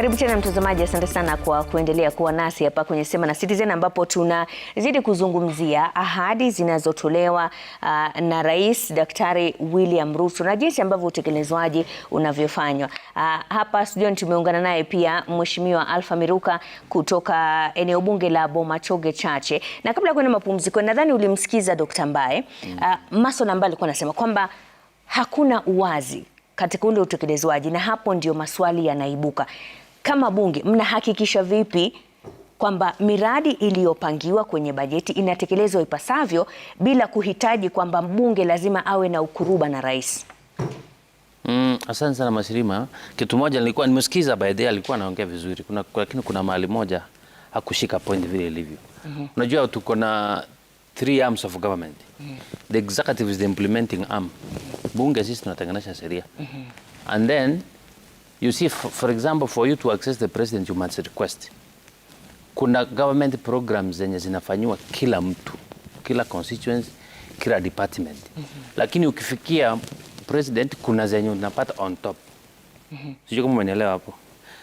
Karibu tena mtazamaji, asante sana kwa kuendelea kuwa nasi hapa kwenye Sema na Citizen, ambapo tunazidi kuzungumzia ahadi zinazotolewa uh, na Rais Daktari William Ruto na jinsi ambavyo utekelezwaji unavyofanywa. Uh, hapa studioni tumeungana naye pia Mheshimiwa alfa Miruka kutoka eneo bunge la Bomachoge Chache, na kabla ya kuenda mapumziko, nadhani ulimsikiza Dkt. Mbae uh, maswala ambayo alikuwa anasema kwamba hakuna uwazi katika ule utekelezwaji na hapo ndio maswali yanaibuka kama bunge mnahakikisha vipi kwamba miradi iliyopangiwa kwenye bajeti inatekelezwa ipasavyo bila kuhitaji kwamba mbunge lazima awe na ukuruba na rais? Mm, asante sana Mashirima. Kitu moja nilikuwa nimesikiza baadaye, alikuwa anaongea vizuri, kuna, lakini kuna mahali moja hakushika point vile ilivyo. mm -hmm. tuko na three arms of government. Mm -hmm. The executive is the implementing arm. Mhm. Bunge sisi tunatengenesha sheria. Mm -hmm. And then You see, for example, for you to access the president you must request. Kuna government programs zenye zinafanywa kila mtu, kila constituency, kila department. Mm -hmm. Lakini ukifikia president kuna zenye unapata on top. Mm -hmm. Sijui kama umenielewa hapo.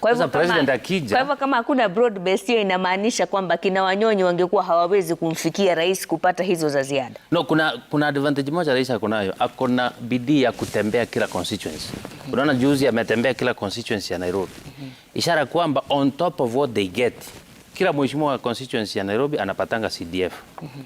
Kwa hivyo president akija, kwa hivyo kama hakuna broad base, hiyo inamaanisha kwamba kina wanyonyi wangekuwa hawawezi kumfikia rais kupata hizo za ziada. No, kuna, kuna advantage moja rais akonayo akona bidii ya kutembea kila constituency. Unaona juzi ametembea kila constituency ya Nairobi, mhm. ishara kwamba on top of what they get, kila mheshimiwa wa constituency ya Nairobi anapatanga CDF mhm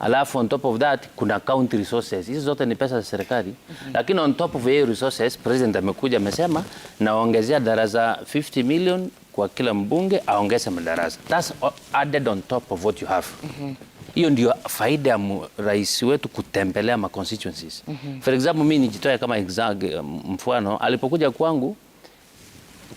alafu on top of that kuna county resources. Hizo zote ni pesa za serikali mm -hmm. Lakini on top of hiyo resources president amekuja amesema, naongezea darasa 50 million kwa kila mbunge aongeze madarasa. That's added on top of what you have mm hiyo Ndio faida ya rais wetu kutembelea ma constituencies mm -hmm. For example mimi nijitoe kama mfano, alipokuja kwangu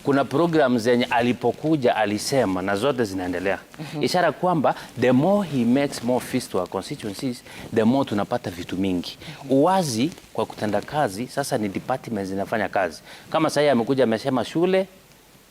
kuna program zenye alipokuja alisema na zote zinaendelea. mm -hmm. Ishara kwamba the more he makes more fist to our constituencies the more tunapata vitu mingi. mm -hmm. Uwazi kwa kutenda kazi sasa, ni departments zinafanya kazi kama sasa, amekuja amesema shule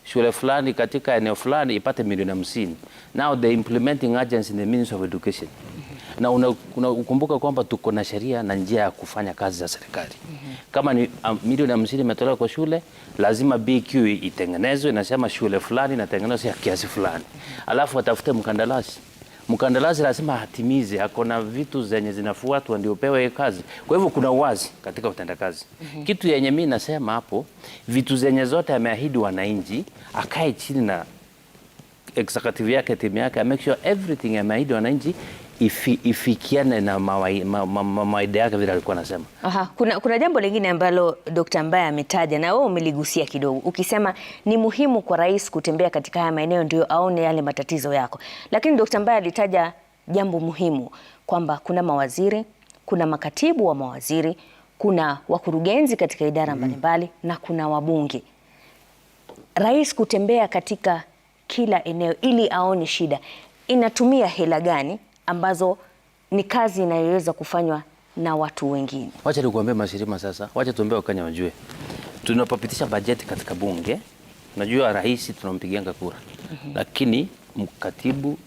shule fulani katika eneo fulani ipate milioni 50. Now the implementing agency in the Ministry of Education mhm na unakumbuka una kwamba tuko na sheria na njia ya kufanya kazi za serikali. mm -hmm. Kama ni um, milioni hamsini imetolewa kwa shule, lazima BQ itengenezwe, inasema shule fulani inatengenezwa ya kiasi fulani. mm -hmm. Alafu atafute mkandarasi mkandarasi lazima atimize, ako na vitu zenye zinafuatwa ndio pewe kazi. Kwa hivyo kuna uwazi katika utendakazi. mm -hmm. Kitu yenye mimi nasema hapo, vitu zenye zote ameahidi wananchi, akae chini na executive yake, timu yake, make sure everything ameahidi wananchi ifi, ifikiane na mawaida yake vile alikuwa anasema. Aha, kuna, kuna jambo lingine ambalo Dr. Mbaye ametaja na wewe umeligusia kidogo ukisema ni muhimu kwa rais kutembea katika haya maeneo ndio aone yale matatizo yako, lakini Dr. Mbaye alitaja jambo muhimu kwamba kuna mawaziri, kuna makatibu wa mawaziri, kuna wakurugenzi katika idara mhm. mbalimbali mm -hmm. na kuna wabunge. Rais kutembea katika kila eneo ili aone shida, inatumia hela gani? ambazo ni kazi inayoweza kufanywa na watu wengine. Wacha nikuambie Mashirima, sasa wacha tuombe Wakenya wajue, tunapopitisha bajeti katika bunge, najua rais tunampigianga kura mm -hmm. lakini mkatibu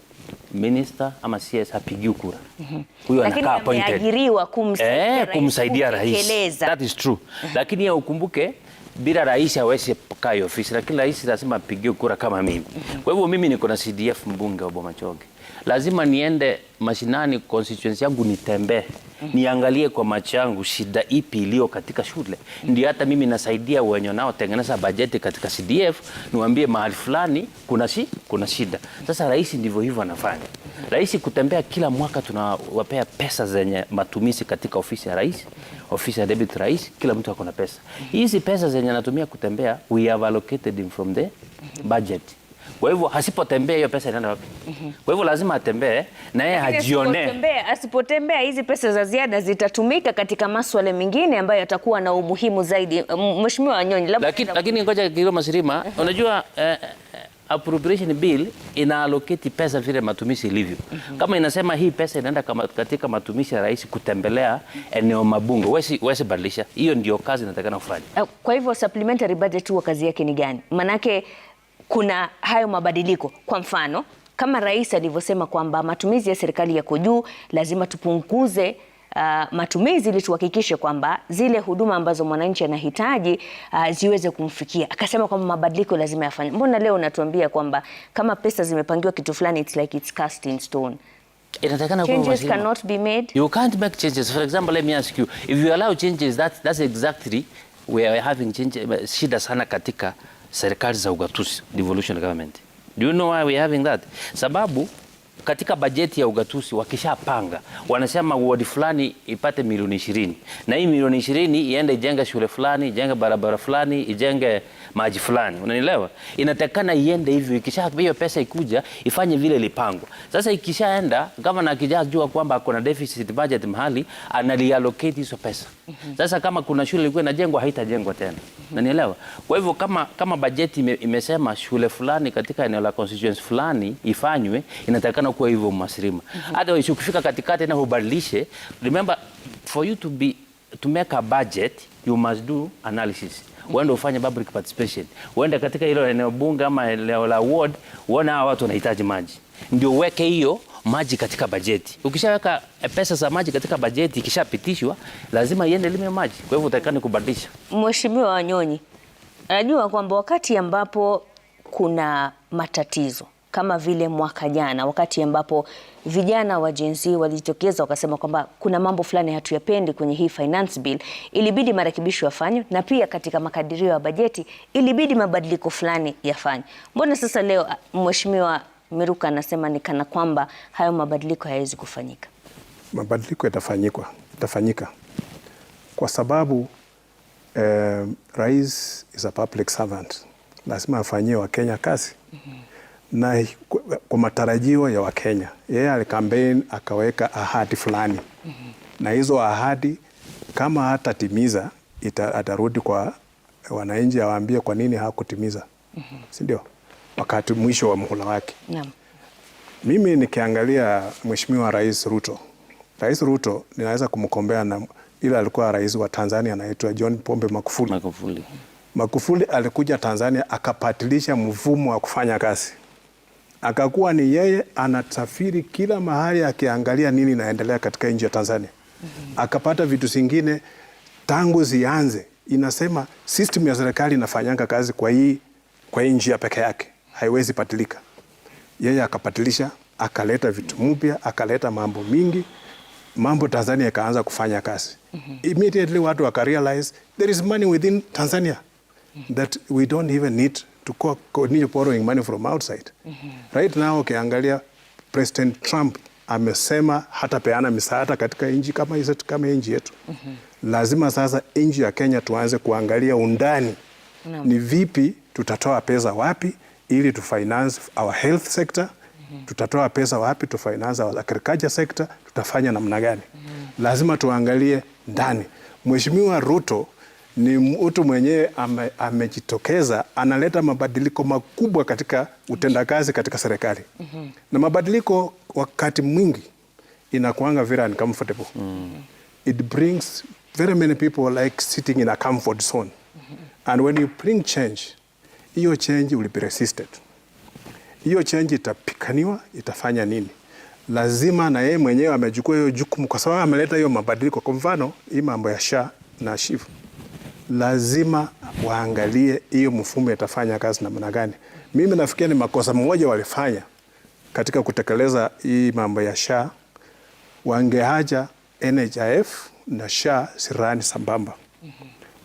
minister ama CS hapigiu kura mm -hmm. anakaa appointed, ameajiriwa kumsaidia eh, kumsaidia rais. That is true mm -hmm. lakini ukumbuke bila rais hawezi kaa ofisi, lakini rais lazima apigiu kura kama mimi mm -hmm. kwa hivyo mimi niko na CDF mbunge wa Bomachoge lazima niende mashinani constituency yangu nitembee mm-hmm. niangalie kwa macho yangu shida ipi iliyo katika shule. Mm-hmm. Ndio hata mimi nasaidia wenye tengeneza bajeti katika CDF, niwaambie mahali fulani kuna, shi, kuna shida. Sasa rais ndivyo hivyo anafanya. Mm-hmm. Rais kutembea kila mwaka, tunawapea pesa zenye matumizi katika ofisi ya rais, ofisi ya debit rais, kila mtu akona pesa. Hizi pesa zenye anatumia kutembea, we have allocated from the budget. Kwa hivyo hasipotembea hiyo pesa inaenda wapi? mm -hmm. Kwa hivyo lazima atembee na yeye hajione. Asipotembea hizi pesa za ziada zitatumika katika masuala mengine ambayo yatakuwa na umuhimu zaidi. Mheshimiwa Nyonyi, lakini lakini ngoja Kiroma Sirima, mhm. unajua eh, eh, appropriation bill ina allocate pesa vile matumizi ilivyo. mm -hmm. Kama inasema hii pesa inaenda katika matumizi ya rais kutembelea eneo mabungo, wewe wewe badilisha hiyo, ndio kazi inatakana kufanya. Eh, kwa hivyo supplementary budget huwa kazi yake ni gani? Manake kuna hayo mabadiliko. Kwa mfano kama rais alivyosema kwamba matumizi ya serikali yako juu, lazima tupunguze Uh, matumizi ili tuhakikishe kwamba zile huduma ambazo mwananchi anahitaji uh, ziweze kumfikia. Akasema kwamba mabadiliko lazima yafanye. Mbona leo unatuambia kwamba kama pesa zimepangiwa kitu fulani, it's like it's cast in stone. Inatakana changes cannot be made. You can't make changes. For example, let me ask you, if you allow changes, that, that's exactly where are having change, eh, shida sana katika serikali za ugatuzi, devolution government. Do you know why we having that? Sababu katika bajeti ya ugatuzi wakishapanga wanasema ward fulani ipate milioni ishirini na hii milioni ishirini iende ijenge shule fulani, ijenge barabara fulani, ijenge maji fulani, unanielewa? Inatakana iende hivyo, ikisha hiyo pesa ikuja ifanye vile ilipangwa. Sasa ikishaenda kama gavana akijajua kwamba kuna deficit budget mahali analiallocate hizo pesa. Mhm. Sasa kama kuna shule ilikuwa inajengwa haitajengwa tena, unanielewa? Kwa hivyo kama kama bajeti ime, imesema shule fulani katika eneo la constituency fulani ifanywe, inatakana kuwa hivyo Mhasirima. Hata mhm. ukifika katikati na ubadilishe, remember for you to be to make a budget you must do analysis uende ufanye public participation, uende katika hilo eneo bunge ama eneo la ward, uone hawa watu wanahitaji maji, ndio uweke hiyo maji katika bajeti. Ukishaweka eh, pesa za maji katika bajeti, ikishapitishwa lazima iende lime maji, kwa hivyo utakani kubadilisha. Mheshimiwa Wanyonyi najua kwamba wakati ambapo kuna matatizo kama vile mwaka jana, wakati ambapo vijana wa Gen Z walijitokeza wakasema kwamba kuna mambo fulani hatuyapendi kwenye hii finance bill, ilibidi marekebisho yafanywe, na pia katika makadirio ya bajeti ilibidi mabadiliko fulani yafanywe. Mbona sasa leo ah, Mheshimiwa Miruka anasema ni kana kwamba hayo mabadiliko hayawezi kufanyika? Mabadiliko yatafanyikwa, yatafanyika kwa sababu eh, rais is a public servant, lazima afanyie Wakenya kazi. mm -hmm na kwa matarajio ya Wakenya. Yeye alikampeni akaweka ahadi fulani mm -hmm. na hizo ahadi kama hatatimiza atarudi kwa wananchi awaambie kwa nini hakutimiza mm -hmm. si ndio? wakati mwisho wa muhula wake yeah. Mimi nikiangalia Mheshimiwa Rais Ruto, Rais Ruto ninaweza kumkombea na ila alikuwa rais wa Tanzania anaitwa John Pombe Magufuli. Magufuli Magufuli alikuja Tanzania akapatilisha mfumo wa kufanya kazi akakuwa ni yeye anasafiri kila mahali akiangalia nini inaendelea katika nchi ya Tanzania. mm -hmm. Akapata vitu zingine tangu zianze, inasema system ya serikali inafanyanga kazi kwa hii kwa hii njia peke yake, haiwezi patilika. Yeye akapatilisha, akaleta vitu mpya, akaleta mambo mingi, mambo Tanzania ikaanza kufanya kazi. mm -hmm. Immediately watu wakarealize there is money within Tanzania mhm. that we don't even need to continue borrowing money from outside. Mm -hmm. Right now ukiangalia President Trump amesema hata peana misaada katika nchi kama hizo kama nchi yetu. Mm -hmm. Lazima sasa nchi ya Kenya tuanze kuangalia undani. Mm -hmm. Ni vipi tutatoa pesa wapi ili tu finance our health sector? Mm -hmm. Tutatoa pesa wapi tu finance our agriculture sector? Tutafanya namna gani? Mm -hmm. Lazima tuangalie ndani. Mheshimiwa Ruto ni mtu mwenyewe ame, amejitokeza analeta mabadiliko makubwa katika utendakazi katika serikali mm -hmm. Na mabadiliko wakati mwingi inakuanga very uncomfortable mm -hmm. It brings very many people like sitting in a comfort zone mm -hmm. And when you bring change, hiyo change will be resisted. Hiyo change itapikaniwa, itafanya nini? Lazima na yeye mwenyewe amechukua hiyo jukumu, kwa sababu ameleta hiyo mabadiliko. Kwa mfano hii mambo ya SHA na shifu SHIF lazima waangalie hiyo mfumo itafanya kazi namna gani. Mimi nafikiri ni makosa mmoja walifanya katika kutekeleza hii mambo ya SHA, wangeacha NHIF na SHA sirani sambamba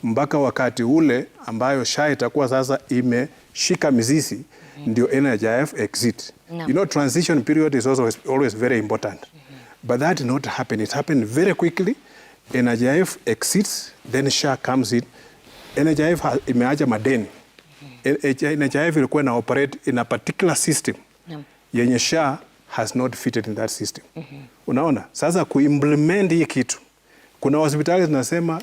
mpaka wakati ule ambayo SHA itakuwa sasa imeshika mizizi mm -hmm. Ndio NHIF exit no. You know, transition period is also always very important mm -hmm. But that not happen. It happened very quickly NHIF exits, then SHA comes in. NHIF imeacha madeni. Mhm. E, e, NHIF ilikuwa na operate in a particular system yenye SHA has not fitted in that system. Mhm. Unaona, sasa kuimplement hii kitu, kuna hospitali zinasema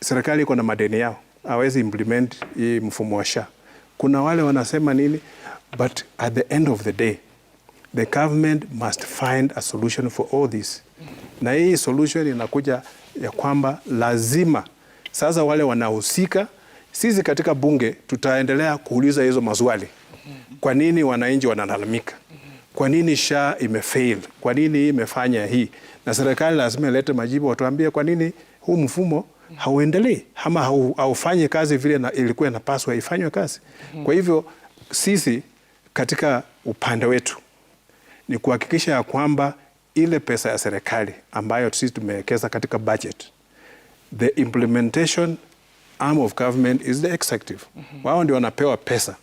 serikali iko na madeni yao, hawezi implement hii mfumo wa SHA. Kuna wale wanasema nini, but at the end of the day the government must find a solution for all this, mhm. na hii solution inakuja ya kwamba lazima sasa wale wanahusika, sisi katika bunge tutaendelea kuuliza hizo maswali. Kwa nini wananchi wanalalamika? Kwa nini SHA imefail? Kwa nini imefanya hii? Na serikali lazima ilete majibu, watuambie kwa nini huu mfumo hauendelei ama haufanyi kazi vile na ilikuwa inapaswa ifanywe kazi. Kwa hivyo sisi katika upande wetu ni kuhakikisha ya kwamba ile pesa ya serikali ambayo sisi tumewekeza katika budget, the implementation arm of government is the executive. mm -hmm. Wao ndio wanapewa pesa.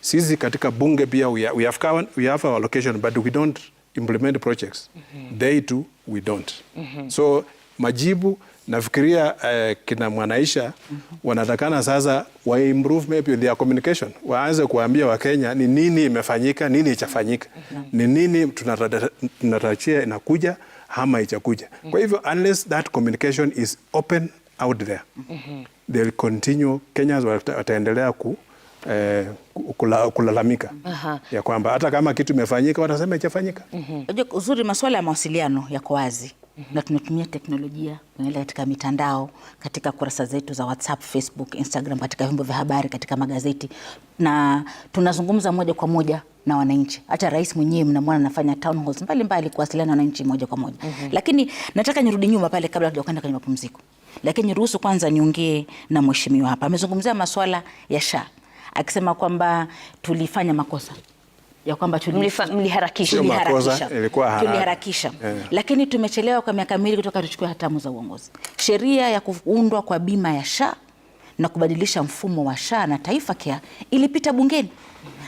Sisi katika bunge pia we have, we have our allocation but we don't implement projects. mm -hmm. They too we don't. mm -hmm. So majibu nafikiria eh, kina Mwanaisha mm -hmm. wanatakana sasa wa improve maybe their communication, waanze kuambia Wakenya ni nini imefanyika, nini ichafanyika, mm -hmm. ni nini tunatarajia inakuja ama ichakuja. Kwa hivyo unless that communication is open out there mm -hmm. they'll continue, Kenyans wataendelea ku Eh, kula, kulalamika Aha. ya kwamba hata kama kitu imefanyika watasema ichafanyika. mm Uzuri masuala ya mawasiliano yako wazi na tunatumia teknolojia tunaenda katika mitandao, katika kurasa zetu za WhatsApp, Facebook, Instagram, katika vyombo vya habari, katika magazeti, na tunazungumza moja kwa moja na wananchi. Hata rais mwenyewe mnamwona anafanya town halls mbalimbali kuwasiliana na wananchi moja kwa moja mm -hmm. Lakini nataka nirudi nyuma pale kabla hatujakwenda kwenye mapumziko, lakini niruhusu kwanza niongee na mheshimiwa hapa. Amezungumzia masuala ya SHA akisema kwamba tulifanya makosa ya kwamba tuliharakisha, tuliharakisha eh. Lakini tumechelewa kwa miaka miwili kutoka tuchukue hatamu za uongozi. Sheria ya kuundwa kwa bima ya SHA na kubadilisha mfumo wa SHA na Taifa Care ilipita bungeni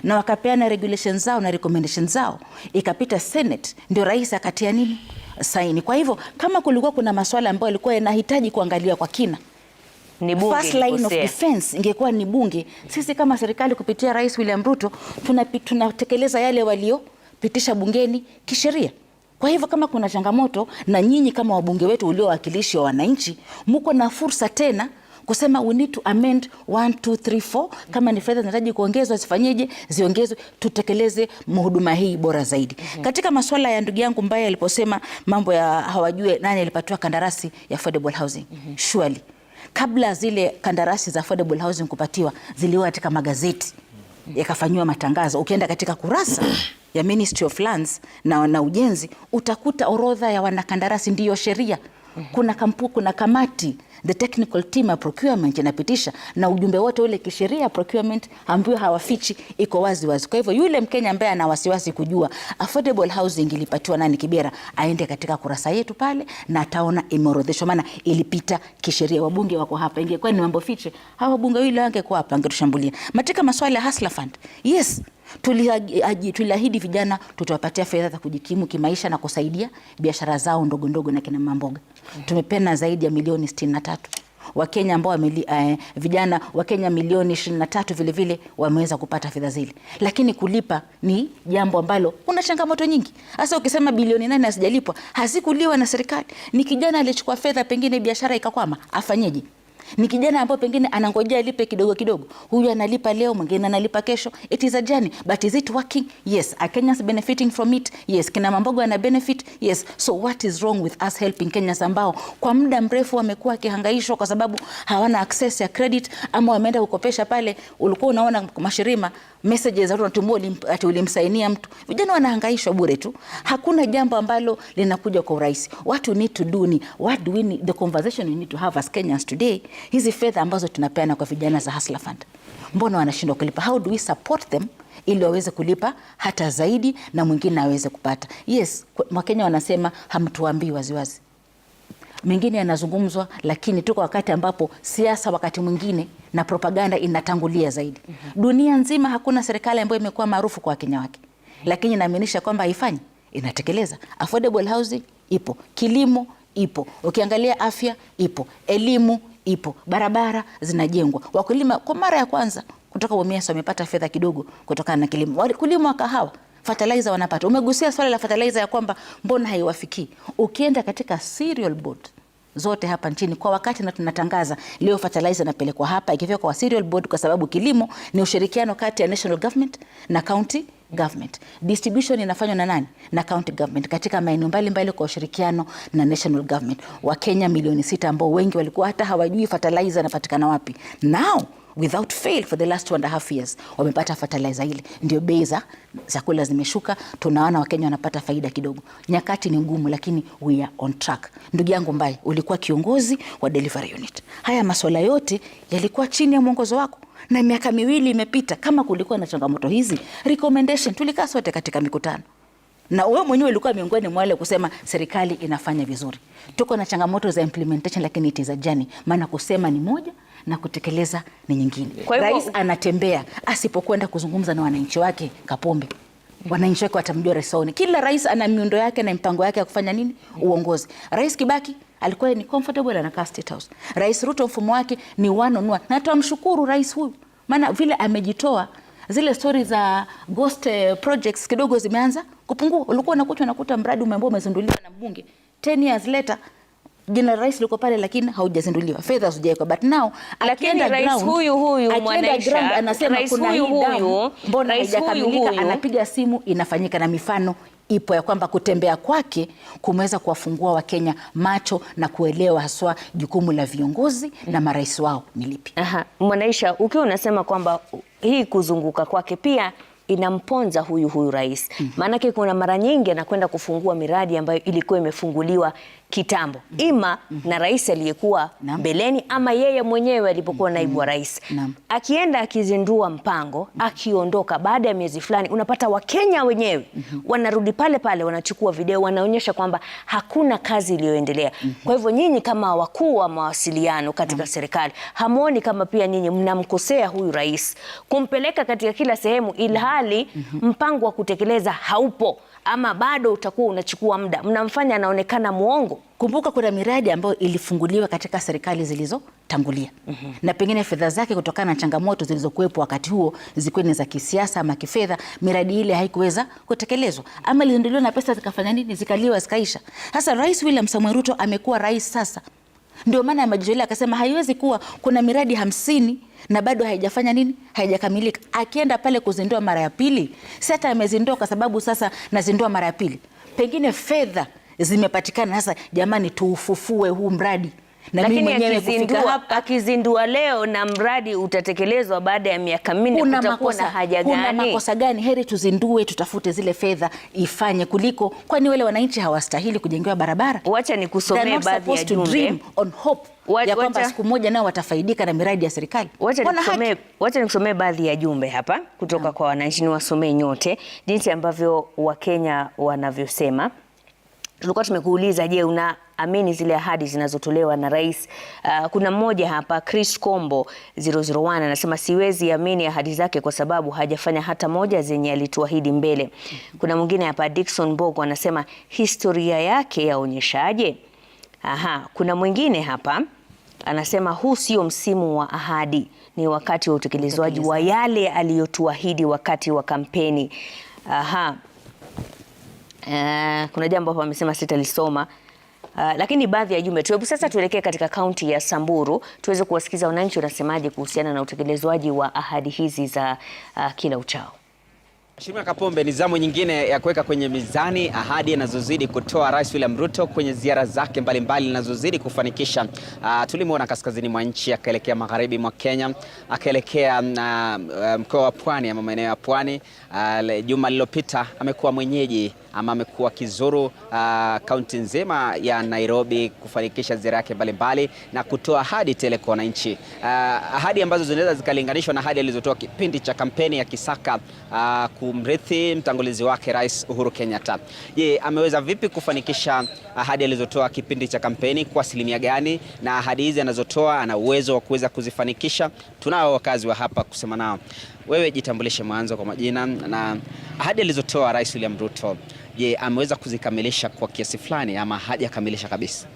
na wakapeana regulation zao na recommendation zao, ikapita Senate, ndio rais akatia nini saini. Kwa hivyo kama kulikuwa kuna masuala ambayo yalikuwa yanahitaji kuangalia kwa kina ni bunge, first line of defense ingekuwa ni bunge. Sisi kama serikali kupitia Rais William Ruto tunatekeleza tuna yale waliopitisha bungeni kisheria. Kwa hivyo kama kuna changamoto, na nyinyi kama wabunge wetu uliowakilishi wa wananchi, mko na fursa tena kusema we need to amend 1 2 3 4. Kama ni fedha zinahitaji kuongezwa zifanyeje? Ziongezwe, tutekeleze huduma hii bora zaidi. mm -hmm. Katika masuala ya ndugu yangu ambaye aliposema mambo ya hawajue nani alipatiwa kandarasi ya affordable housing. mm -hmm. surely kabla zile kandarasi za affordable housing kupatiwa ziliwa katika magazeti yakafanyiwa matangazo. Ukienda katika kurasa ya Ministry of Lands na, na ujenzi utakuta orodha ya wanakandarasi, ndiyo sheria. Kuna kampu, kuna kamati the technical team ya procurement inapitisha na ujumbe wote ule kisheria, procurement ambayo hawafichi iko wazi wazi. Kwa hivyo yule Mkenya ambaye ana wasiwasi kujua affordable housing ilipatiwa nani Kibera, aende katika kurasa yetu pale na ataona imeorodheshwa, maana ilipita kisheria. Wabunge wako hapa, ingekuwa ni mambo fiche hawa wabunge wile wangekuwa hapa, angetushambulia matika maswala ya Hustler Fund. Yes. Tuliahidi vijana tutawapatia fedha za kujikimu kimaisha na kusaidia biashara zao ndogo ndogo na kina mamboga. Tumepena zaidi ya milioni sitini na Wakenya ambao uh, vijana Kenya milioni 23 tatu vile vile wameweza kupata fedha zile, lakini kulipa ni jambo ambalo kuna changamoto nyingi. Hasa ukisema bilioni nane hazijalipwa hazikuliwa na serikali, ni kijana aliyechukua fedha, pengine biashara ikakwama, afanyeje? Ni kijana ambaye pengine anangojea alipe kidogo kidogo, huyu analipa leo, mwingine analipa kesho. It is a journey, but is it working? Yes. Are Kenyans benefiting from it? Yes. Kina Mambogo ana benefit? Yes. So what is wrong with us helping Kenyans ambao kwa muda mrefu wamekuwa wakihangaishwa kwa sababu hawana access ya credit ama wameenda kukopesha pale, ulikuwa unaona mashirima messages watu wanatumua ati ulimsainia mtu. Vijana wanahangaishwa bure tu, hakuna jambo ambalo linakuja kwa urahisi. What we need to do ni what do we need, the conversation we need to have as Kenyans today, hizi fedha ambazo tunapeana kwa vijana za Hustler Fund, mbona wanashindwa kulipa? How do we support them ili waweze kulipa hata zaidi na mwingine aweze kupata. Yes, Wakenya wanasema hamtuambii waziwazi mengine yanazungumzwa, lakini tuko wakati ambapo siasa wakati mwingine na propaganda inatangulia zaidi. mm -hmm. Dunia nzima hakuna serikali ambayo imekuwa maarufu kwa Wakenya wake, lakini naaminisha kwamba haifanyi, inatekeleza. Affordable housing ipo, kilimo ipo, ukiangalia afya ipo, elimu ipo, barabara zinajengwa, wakulima kwa mara ya kwanza kutoka UMIAS wamepata fedha kidogo kutokana na kilimo, wakulima wa kahawa fertilizer wanapata. Umegusia swala la fertilizer ya kwamba mbona haiwafikii. Ukienda katika cereal board zote hapa nchini kwa wakati na tunatangaza leo fertilizer inapelekwa hapa ikifika kwa cereal board, kwa sababu kilimo ni ushirikiano kati ya national government na county government. Distribution inafanywa na nani? Na county government katika maeneo mbalimbali kwa ushirikiano na national government. Wakenya milioni sita ambao wengi walikuwa hata hawajui fertilizer inapatikana wapi. Now without fail for the last two and a half years wamepata fertilizer ile, ndio bei za chakula zimeshuka. Tunaona Wakenya wanapata faida kidogo. Nyakati ni ngumu, lakini we are on track. Ndugu yangu Mbaye, ulikuwa kiongozi wa delivery unit, haya masuala yote yalikuwa chini ya mwongozo wako na miaka miwili imepita. Kama kulikuwa na changamoto hizi, recommendation tulikaa sote katika mikutano na wewe mwenyewe ulikuwa miongoni mwa wale kusema serikali inafanya vizuri. Tuko na changamoto za implementation, lakini it is a journey, maana kusema ni moja na kutekeleza ni nyingine. Rais anatembea asipokwenda kuzungumza na wananchi wake Kapombe wananchi wake watamjua rais wao. Kila rais ana miundo yake na mipango yake ya kufanya nini uongozi. Rais Kibaki alikuwa ni comfortable anakaa State House. Rais Ruto mfumo wake ni one on one, na tuamshukuru rais huyu, maana vile amejitoa. Zile stori za ghost eh, projects kidogo zimeanza kupungua. Ulikuwa unakuta unakuta mradi umeambiwa umezinduliwa na mbunge 10 years later jina la rais liko pale, lakini haujazinduliwa, fedha hazijawekwa, but now akienda ground, huyu huyu Mwanaisha anasema kuna hii huyu, mbona haijakamilika, anapiga simu, inafanyika na mifano ipo ya kwamba kutembea kwake kumeweza kuwafungua Wakenya macho na kuelewa haswa jukumu la viongozi na marais wao ni lipi. Aha, Mwanaisha, ukiwa unasema kwamba hii kuzunguka kwake pia inamponza huyu huyu rais mm -hmm. Maanake kuna mara nyingi anakwenda kufungua miradi ambayo ilikuwa imefunguliwa kitambo mm -hmm. ima mm -hmm. na rais aliyekuwa mbeleni ama yeye mwenyewe alipokuwa mm -hmm. naibu wa mhm. rais Naam. Akienda akizindua mpango mhm. akiondoka, baada ya miezi fulani unapata Wakenya wenyewe mm -hmm. wanarudi pale pale, wanachukua video, wanaonyesha kwamba hakuna kazi iliyoendelea mm -hmm. Kwa hivyo nyinyi kama wakuu wa mawasiliano katika mm -hmm. serikali hamuoni kama pia nyinyi mnamkosea huyu rais kumpeleka katika kila sehemu ilha bali mm -hmm. mpango wa kutekeleza haupo ama bado utakuwa unachukua muda, mnamfanya anaonekana mwongo. Kumbuka kuna miradi ambayo ilifunguliwa katika serikali zilizotangulia mm -hmm. na pengine fedha zake kutokana na changamoto zilizokuwepo wakati huo zikuwe ni za kisiasa ama kifedha, miradi ile haikuweza kutekelezwa ama ilizinduliwa na pesa zikafanya nini, zikaliwa zikaisha. Sasa Rais William Samoei Ruto amekuwa rais sasa ndio maana ya Majaliwa akasema haiwezi kuwa kuna miradi hamsini na bado haijafanya nini, haijakamilika. Akienda pale kuzindua mara ya pili, si amezindua kwa sababu sasa nazindua mara ya pili, pengine fedha zimepatikana sasa, jamani, tuufufue huu mradi na lakini mimi mwenyewe kufika hapa. Akizindua leo na mradi utatekelezwa baada ya miaka minne, kutakuwa na haja gani? Kuna makosa gani? Heri tuzindue, tutafute zile fedha ifanye, kuliko kwani wale wananchi hawastahili kujengewa barabara? Wacha nikusomee baadhi ya jumbe ya kwamba siku moja nao watafaidika na miradi ya serikali. Wacha nikusomee baadhi ya jumbe hapa kutoka ha, kwa wananchi. Ni wasomee nyote jinsi ambavyo Wakenya wanavyosema. Tulikuwa tumekuuliza, je, una amini zile ahadi zinazotolewa na rais. Uh, kuna mmoja hapa Chris Kombo 001 anasema siwezi amini ahadi zake kwa sababu hajafanya hata moja zenye alituahidi mbele. Kuna mwingine hapa Dickson Bogo anasema historia yake yaonyeshaje? Aha, kuna mwingine hapa anasema huu sio msimu wa ahadi, ni wakati wa utekelezwaji wa yale aliyotuahidi wakati wa kampeni. Aha. Uh, kuna jambo hapa amesema sitalisoma. Uh, lakini baadhi ya jumbe tu. Hebu sasa tuelekee katika kaunti ya Samburu tuweze kuwasikiza wananchi wanasemaje kuhusiana na utekelezwaji wa ahadi hizi za uh, kila uchao. Mheshimiwa Kapombe, ni zamu nyingine ya kuweka kwenye mizani ahadi anazozidi kutoa Rais William Ruto kwenye ziara zake mbalimbali anazozidi kufanikisha. Uh, ah, tulimwona kaskazini mwa nchi akaelekea magharibi mwa Kenya akaelekea uh, mkoa wa Pwani ama maeneo ya Pwani. Uh, juma lililopita amekuwa mwenyeji ama amekuwa kizuru kaunti uh, nzima ya Nairobi kufanikisha ziara yake mbalimbali na kutoa ahadi tele kwa wananchi uh, ahadi ambazo zinaweza zikalinganishwa na ahadi alizotoa kipindi cha kampeni ya Kisaka uh, kumrithi mtangulizi wake Rais Uhuru Kenyatta. Je, ameweza vipi kufanikisha ahadi alizotoa kipindi cha kampeni kwa asilimia gani, na ahadi hizi anazotoa ana uwezo wa kuweza kuzifanikisha? Tunao wakazi wa hapa kusema nao. Wewe jitambulishe mwanzo kwa majina na ahadi alizotoa Rais William Ruto. Je, ameweza kuzikamilisha kwa kiasi fulani ama hajakamilisha kabisa?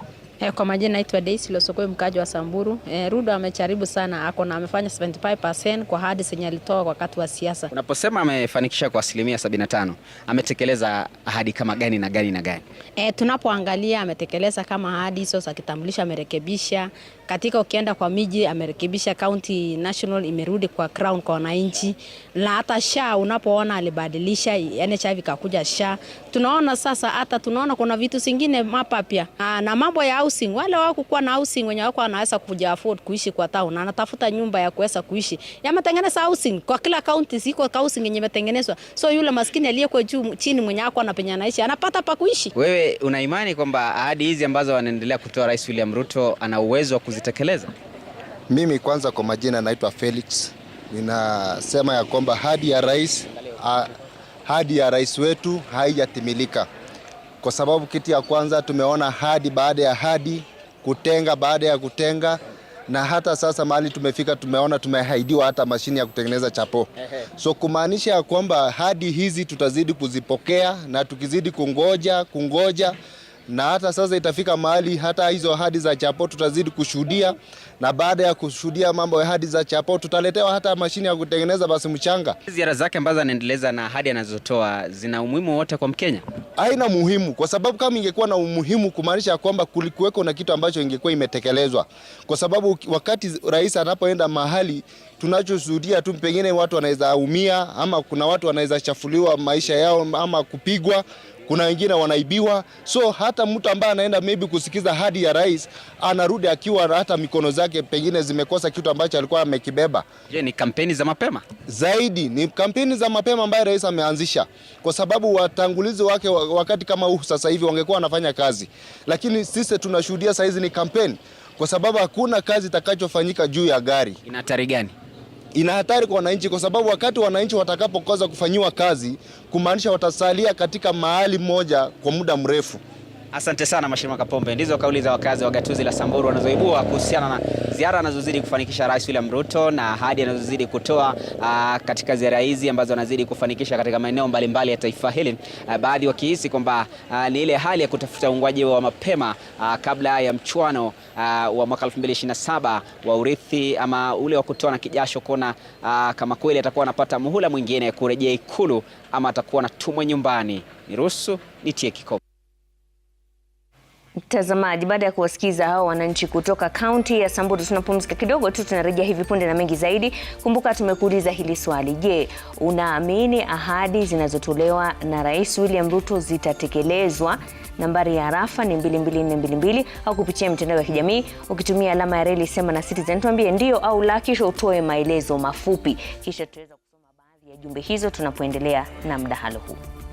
Eh, kwa majina naitwa Daisy Losokoi, mkaji wa Samburu. Eh, Ruto amecharibu sana, ako na amefanya 75% kwa hadi zenye alitoa wakati wa siasa. Unaposema amefanikisha kwa asilimia 75, ametekeleza ahadi kama gani na gani na gani? Eh, tunapoangalia ametekeleza kama ahadi hizo za kitambulisho amerekebisha katika ukienda kwa miji amerekebisha, county national imerudi kwa crown kwa wananchi, na hata SHA unapoona alibadilisha NHIF ikakuja SHA. Tunaona sasa hata tunaona kuna vitu zingine mapya na na mambo ya housing, wale hawakuwa na housing wenye wako wanaweza kuja afford kuishi kwa town, na anatafuta nyumba ya kuweza kuishi, yametengeneza housing kwa kila county, ziko housing yenye imetengenezwa, so yule maskini aliyekuwa juu chini mwenye wako anapenya naishi anapata pa kuishi. Wewe una imani kwamba ahadi hizi ambazo wanaendelea kutoa Rais William Ruto ana uwezo wa kuzitekeleza? Mimi kwanza, kwa majina naitwa Felix, ninasema ya kwamba hadi ya rais a, hadi ya rais wetu haijatimilika kwa sababu kitu ya kwanza tumeona hadi baada ya hadi kutenga baada ya kutenga na hata sasa mahali tumefika, tumeona tumeahidiwa hata mashine ya kutengeneza chapo. So kumaanisha ya kwamba hadi hizi tutazidi kuzipokea na tukizidi kungoja kungoja na hata sasa itafika mahali hata hizo ahadi za Chapo tutazidi kushuhudia, na baada ya kushuhudia mambo ya ahadi za Chapo tutaletewa hata mashine ya kutengeneza basi mchanga. Ziara zake ambazo anaendeleza na ahadi anazotoa zina umuhimu wote kwa Mkenya? Haina muhimu, kwa sababu kama ingekuwa na umuhimu kumaanisha kwamba kulikuweko na kitu ambacho ingekuwa imetekelezwa, kwa sababu wakati rais anapoenda mahali tunachoshuhudia tu, pengine watu wanaweza umia ama kuna watu wanaweza chafuliwa maisha yao ama kupigwa kuna wengine wanaibiwa. So hata mtu ambaye anaenda maybe kusikiza hadi ya rais anarudi akiwa hata mikono zake pengine zimekosa kitu ambacho alikuwa amekibeba. Je, ni kampeni za mapema zaidi, ni kampeni za mapema ambaye rais ameanzisha, kwa sababu watangulizi wake wakati kama huu sasa hivi wangekuwa wanafanya kazi, lakini sisi tunashuhudia saizi ni kampeni, kwa sababu hakuna kazi itakachofanyika juu ya gari. Ina hatari gani? ina hatari kwa wananchi, kwa sababu wakati wananchi watakapokosa kufanyiwa kazi, kumaanisha watasalia katika mahali moja kwa muda mrefu. Asante sana Mheshimiwa Kapombe, ndizo kauli za wakazi wa gatuzi la Samburu wanazoibua kuhusiana na ziara anazozidi kufanikisha Rais William Ruto na ahadi anazozidi kutoa uh, katika ziara hizi ambazo anazidi kufanikisha katika maeneo mbalimbali ya taifa hili uh, baadhi wakihisi kwamba uh, ni ile hali ya kutafuta uungwaji wa mapema uh, kabla ya mchuano uh, wa mwaka 2027 wa urithi ama ule wa kutoa na kijasho kuona uh, kama kweli atakuwa anapata muhula mwingine kurejea Ikulu ama atakuwa anatumwa nyumbani. Niruhusu nitie kikomo. Mtazamaji, baada ya kuwasikiza hao wananchi kutoka kaunti ya Samburu, tunapumzika kidogo tu, tunarejea hivi punde na mengi zaidi. Kumbuka tumekuuliza hili swali: je, unaamini ahadi zinazotolewa na Rais William Ruto zitatekelezwa? Nambari ya rafa ni 22422 au kupitia mitandao ya kijamii ukitumia alama ya reli sema na Citizen, tuambie ndio au la, kisha utoe maelezo mafupi, kisha tutaweza kusoma baadhi ya jumbe hizo tunapoendelea na mdahalo huu.